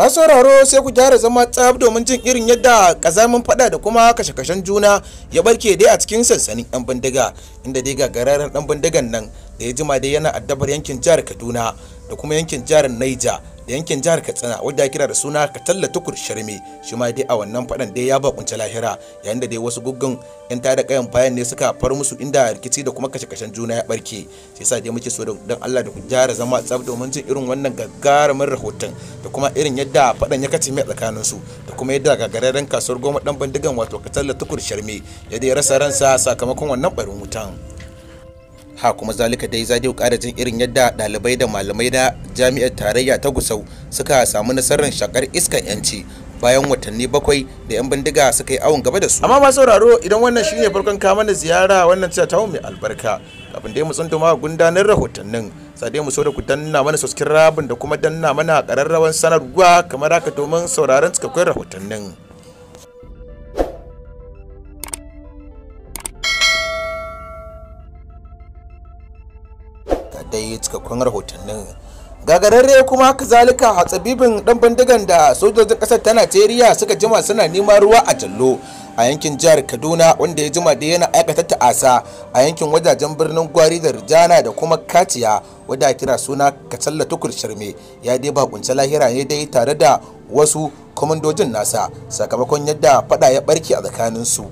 masu sauraro sai ku gyara zama tsab domin jin irin yadda kazamin fada da kuma kashe-kashen juna ya barke dai a cikin sansanin yan bindiga inda dai ga gagararren dan bindigan nan da ya jima dai yana addabar yankin jihar kaduna da kuma yankin jihar naija da yankin jihar katsina wadda kira da suna katalla tukur sharmi shi ma dai a wannan fadan dai ya bakunce lahira yayin da dai wasu guggun yan tada kayan bayan ne suka far musu inda rikici da kuma kashe-kashen juna ya barke sai sa dai muke so dan Allah da ku jara zama tsaf domin jin irin wannan mun rahoton da kuma irin yadda fadan ya kace mai tsakanin su da kuma yadda gagararren kasuwar goma dan bandigan wato katalla tukur sharmi ya dai rasa ransa sakamakon wannan barin wutan ha kuma zalika dai zadiu ƙara jin irin yadda ɗalibai da malamai da jami'ar tarayya ta gusau suka samu nasarar shakar iskar yanci bayan watanni bakwai da 'yan bindiga suka yi awon gaba da su amma ma sauraro idan wannan shine farkon kama na ziyara wannan cewa tamu mai albarka kafin dai mu tsunduma gundanar rahotannin sadai mu so da ku danna mana subscribe da kuma danna mana kararrawan sanarwa kamar haka domin sauraron cikakkun rahotannin dai cikakkun rahotannin gagararre kuma haka zalika tsabibin dan bindigan da sojojin kasar ta najeriya suka jima suna neman ruwa a jallo a yankin jihar kaduna wanda ya jima da yana aikata ta'asa a yankin wajajen birnin gwari da rijana da kuma kaciya wadda kira suna katsalla tukur sharme ya dai ba bakunce lahira ne dai tare da wasu kwamandojin nasa sakamakon yadda fada ya barke a tsakanin su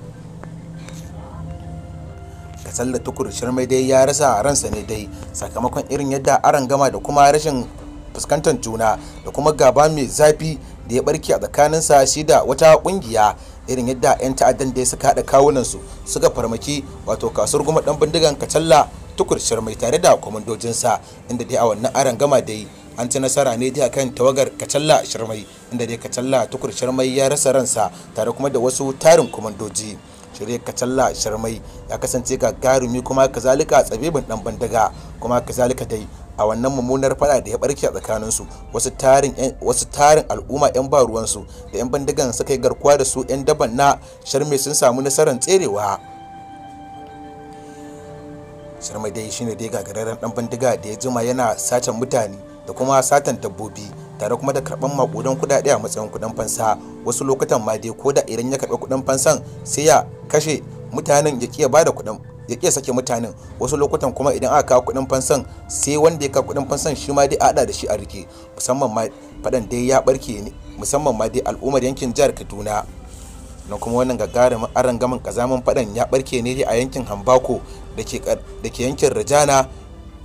ka da tukur shirmai dai ya rasa ransa ne dai sakamakon irin yadda aran gama da kuma rashin fuskantar juna da kuma gaba mai zafi da ya barke a sa shi da wata kungiya irin yadda 'yan ta'addan dai suka haɗa kawunansu suka farmaki wato kasuwar goma ɗan bindigan kacalla tukur shirmai tare da kwamandojinsa inda dai a wannan aran gama dai an ci nasara ne dai akan tawagar katalla shirmai inda dai katalla tukur shirmai ya rasa ransa tare kuma da wasu tarin kwamandoji ka kacalla sharmai ya kasance ga garumi kuma kazalika bin dan bandaga kuma kazalika dai a wannan mummunar fada da ya barke a su wasu tarin wasu tarin al'umma yan ba ruwan su da yan bandagan suka yi garkuwa da su yan daban na sharmai sun samu nasarar tserewa sharmai dai shine dai gagararren dan bandiga da ya jima yana satan mutane da kuma satan dabbobi tare kuma da karban makudan kudade a matsayin kudin fansa wasu lokutan ma dai ko da idan ya karbi kudin fansan sai ya kashe mutanen ya kiya bada kuɗin ya kiya sake mutanen wasu lokutan kuma idan aka kawo kuɗin fansan sai wanda ya kawo kuɗin fansan shi ma dai a haɗa da shi a rike musamman ma faɗan dai ya ɓarke ne musamman ma dai al'ummar yankin jihar kaduna na kuma wannan gagarumin aron gaman kazamin faɗan ya barke ne dai a yankin hambako da ke yankin rajana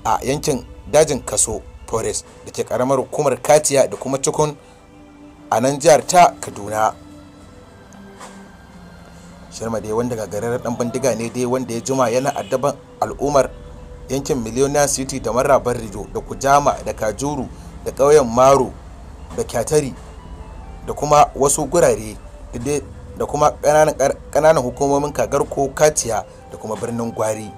a yankin dajin kaso forest da ke karamar hukumar katiya da kuma tukun anan jihar ta kaduna sharma dai wanda gagarar dan bindiga ne dai wanda ya juma yana addaban al'ummar yankin millionaire city da marabar rijo da kujama da kajuru da ƙauyen maro da kyatari da kuma wasu gurare da kuma ƙananan hukumomin kagar ko katiya da kuma birnin gwari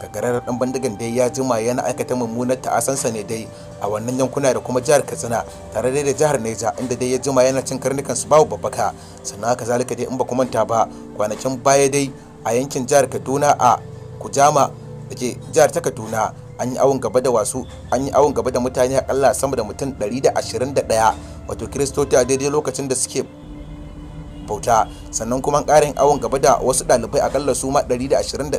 gagarar dan bandigan dai ya jima yana aikata mummunar ta'asansa ne dai a wannan yankuna da kuma jihar katsina tare dai da jihar neja inda dai ya jima yana cin karnukan su babu babbaka sannan haka zalika dai in ba manta ba kwanakin baya dai a yankin jihar kaduna a kujama da ke jihar ta kaduna an yi awon gaba da wasu an yi awon gaba da mutane akalla sama da mutum 121 wato kiristoci a daidai lokacin da suke bauta sannan kuma karin awon gaba da wasu ɗalibai akalla su ma 121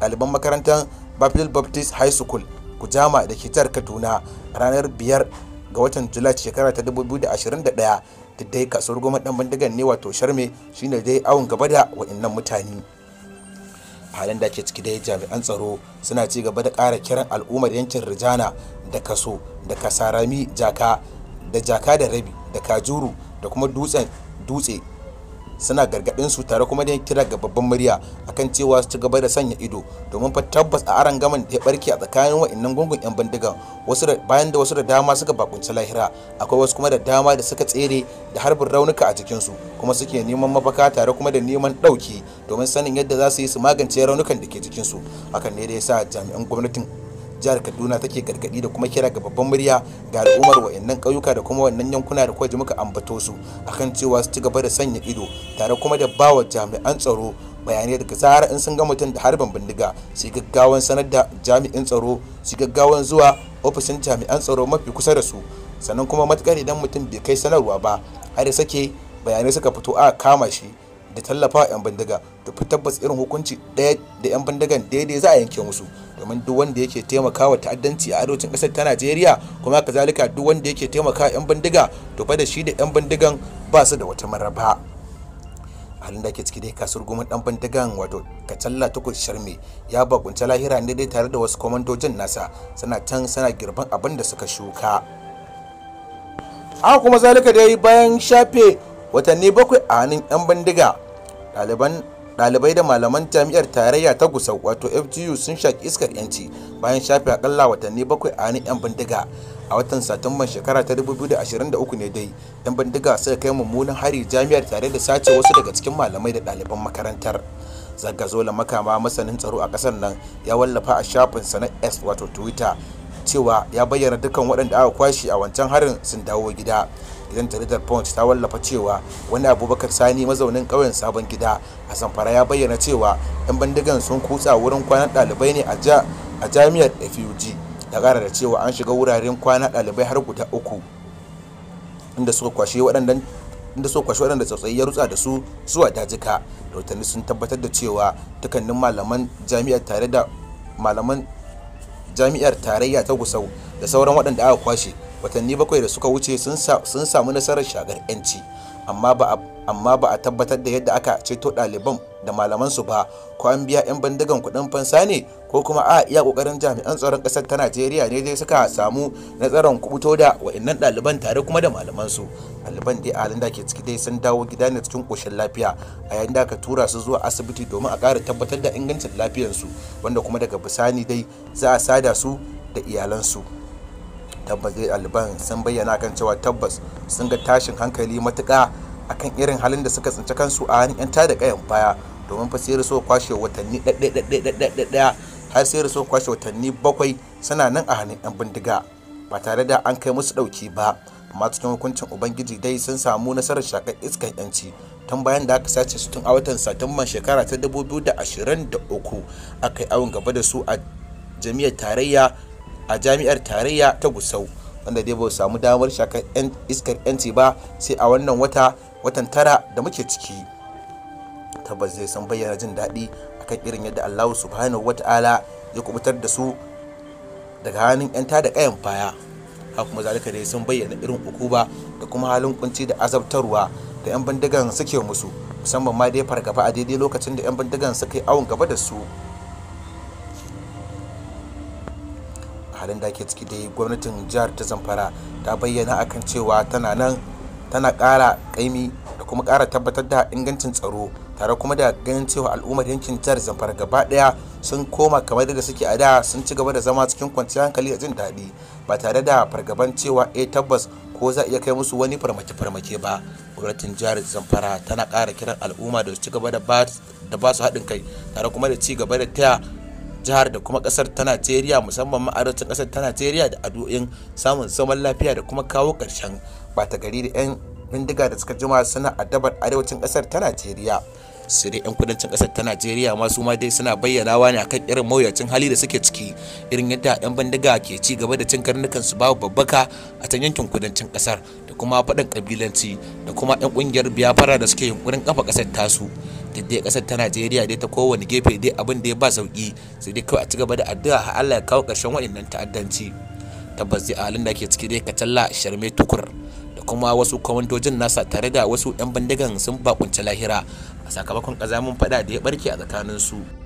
daliban makarantar baptist baptist high school kujama da ke jihar kaduna ranar biyar ga watan julai shekara ta 2021 da dai kasuwar goma dan ne wato sharme shine dai awon gaba da wa'annan mutane halin da ke ciki dai jami'an tsaro suna ci gaba da ƙara kiran al'ummar yankin rijana da kaso da kasarami jaka da jaka da rabi da kajuru da kuma dutsen dutse suna gargaɗin su tare kuma da kira ga babban murya akan cewa su ci gaba da sanya ido domin fa tabbas a aran gaman da ya barke a tsakanin wa'annan gungun yan bindigan wasu bayan da wasu da dama suka bakunci lahira akwai wasu kuma da dama da suka tsere da harbin raunuka a su kuma suke neman mafaka tare kuma da neman ɗauki domin sanin yadda za su yi su magance raunukan da ke jikin su hakan ne da ya sa jami'an gwamnatin jihar kaduna take gargadi da kuma kira ga babban murya ga al'ummar wayannan ƙauyuka da kuma wannan yankuna da kuma jimuka ambato su akan cewa su ci gaba da sanya ido tare kuma da bawa jami'an tsaro bayanai daga zarar in sun ga mutum da harban bindiga sai gaggawan sanar da jami'in tsaro su gaggawan zuwa ofishin jami'an tsaro mafi kusa da su sannan kuma matukar idan mutum bai kai sanarwa ba har sake bayanai suka fito a kama shi da tallafa 'yan bindiga da tabbas irin hukunci ɗaya da 'yan bindigan daidai za a yanke musu domin duk wanda yake taimakawa ta'addanci a arewacin ƙasar ta najeriya kuma kazalika duk wanda yake taimakawa 'yan bindiga to fa da shi da 'yan bindigan ba su da wata maraba halin da ke ciki dai kasuwar goma dan bindigan wato kacalla takwas sharme ya bakunta lahira ne dai tare da wasu komandojin nasa suna can sana girban abin da suka shuka haka kuma zalika dai bayan shafe watanni bakwai a hannun yan bindiga. ɗalibai da malaman jami'ar tarayya ta gusau wato fgu sun shaki iskar yanci bayan shafe akalla watanni bakwai a hannun yan bindiga a watan satumban shekara ta 2023 ne dai yan bindiga suka kai mummunan hari jami'ar tare da sace wasu daga cikin malamai da ɗaliban makarantar zagazola makama masanin tsaro a kasar nan ya wallafa a shafinsa na s wato twitter cewa ya bayyana dukkan waɗanda aka kwashe a wancan harin sun dawo gida idan jaridar punch ta wallafa cewa wani abubakar sani mazaunin ƙauyen sabon gida a samfara ya bayyana cewa 'yan bindigan sun kutsa wurin kwanan ɗalibai ne a jami'ar fug da ƙara da cewa an shiga wuraren kwana ɗalibai har guda uku inda suka kwashe waɗanda tsautsayi ya rutsa da su zuwa dajika rahotanni sun tabbatar da cewa dukkanin malaman jami'ar tare da malaman jami'ar tarayya ta gusau da sauran waɗanda aka kwashe watanni bakwai da suka wuce sun samu nasarar shagar 'yanci amma ba a amma ba a tabbatar da yadda aka ceto ɗaliban da malamansu ba ko an biya 'yan bandigan kuɗin fansa ne ko kuma a iya kokarin jami'an tsaron ƙasar ta najeriya ne dai suka samu nasarar kubuto da wa'annan ɗaliban tare kuma da malamansu ɗaliban dai a halin da ke ciki dai sun dawo gida ne cikin koshin lafiya a yayin da aka tura su zuwa asibiti domin a ƙara tabbatar da ingancin lafiyarsu wanda kuma daga bisani dai za a sada su da iyalansu tabbas dai ɗaliban sun bayyana kan cewa tabbas sun ga tashin hankali matuƙa akan irin halin da suka tsinci kansu a hannun 'yan tada kayan baya domin fa sai so kwashe watanni ɗaya har sai so kwashe watanni bakwai suna nan a hannun 'yan bindiga ba tare da an kai musu ɗauki ba amma cikin hukuncin ubangiji dai sun samu nasarar shakar iskan yanci tun bayan da aka sace su tun a watan satumban shekara ta da 2023 aka yi awon gaba da su a jami'ar tarayya a jami'ar tarayya ta gusau wanda dai ba samu damar shakar iskar yanci ba sai a wannan wata watan tara da muke ciki tabbas zai san bayyana jin daɗi a kan irin yadda allahu subhanahu ta'ala ya kubutar da su daga hannun 'yan da ƙayan baya Ha kuma zalika dai sun bayyana irin ukuba da kuma halin kunci da azabtarwa da 'yan bindigan suke musu musamman ma dai fargaba a daidai lokacin da 'yan bindigan suka yi awon gaba da su halin da ake ciki dai gwamnatin jihar ta zamfara ta bayyana akan cewa tana nan tana kara kaimi da kuma ƙara tabbatar da ingancin tsaro tare kuma da ganin cewa al'ummar yankin jihar zamfara gaba daya sun koma kamar da suke a da sun ci gaba da zama cikin kwanciyar hankali a jin daɗi ba tare da fargaban cewa eh tabbas ko za a iya kai musu wani farmaki farmaki ba gwamnatin jihar zamfara tana kara kiran al'umma da su ci gaba da ba su haɗin kai tare kuma da ci gaba da taya jihar da kuma kasar ta najeriya musamman ma kasar ta nigeria da addu'in samun zaman lafiya da kuma kawo ƙarshen bata gari da 'yan bindiga da suka jima suna addabar arewacin kasar ta najeriya sai dai 'yan kudancin kasar ta najeriya masu ma dai suna bayyanawa ne akan irin mawuyacin hali da suke ciki irin yadda 'yan bindiga ke ci gaba da cin karnukan su babu babbaka a can yankin kudancin kasar da kuma faɗin kabilanci da kuma 'yan kungiyar biyafara da suke yunkurin kafa kasar tasu dai kasar ta najeriya dai ta kowane gefe dai abin da ya ba sauki sai dai kawai a ci gaba da addu'a har allah ya kawo ƙarshen wa'innan ta'addanci tabbas dai a halin da ke ciki dai talla sharme tukur kuma wasu kwamandojin nasa tare da wasu 'yan bindigan sun bakunci lahira a sakamakon ƙazamin fada da ya barke a tsakanin su